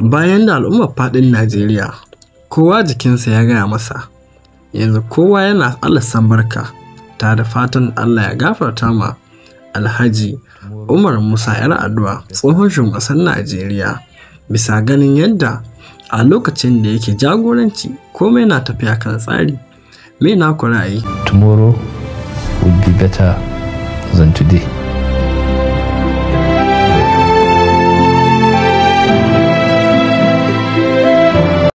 bayan da al'ummar faɗin Najeriya kowa jikinsa ya gaya masa yanzu kowa yana Allah barka ta da fatan Allah ya gafarta ma Alhaji Umar Musa ‘yar addu'a tsohon shugaban Najeriya bisa ganin yadda a lokacin da yake jagoranci komai na tafiya kan tsari mai na ra'ayi. Tomorrow will be better than today.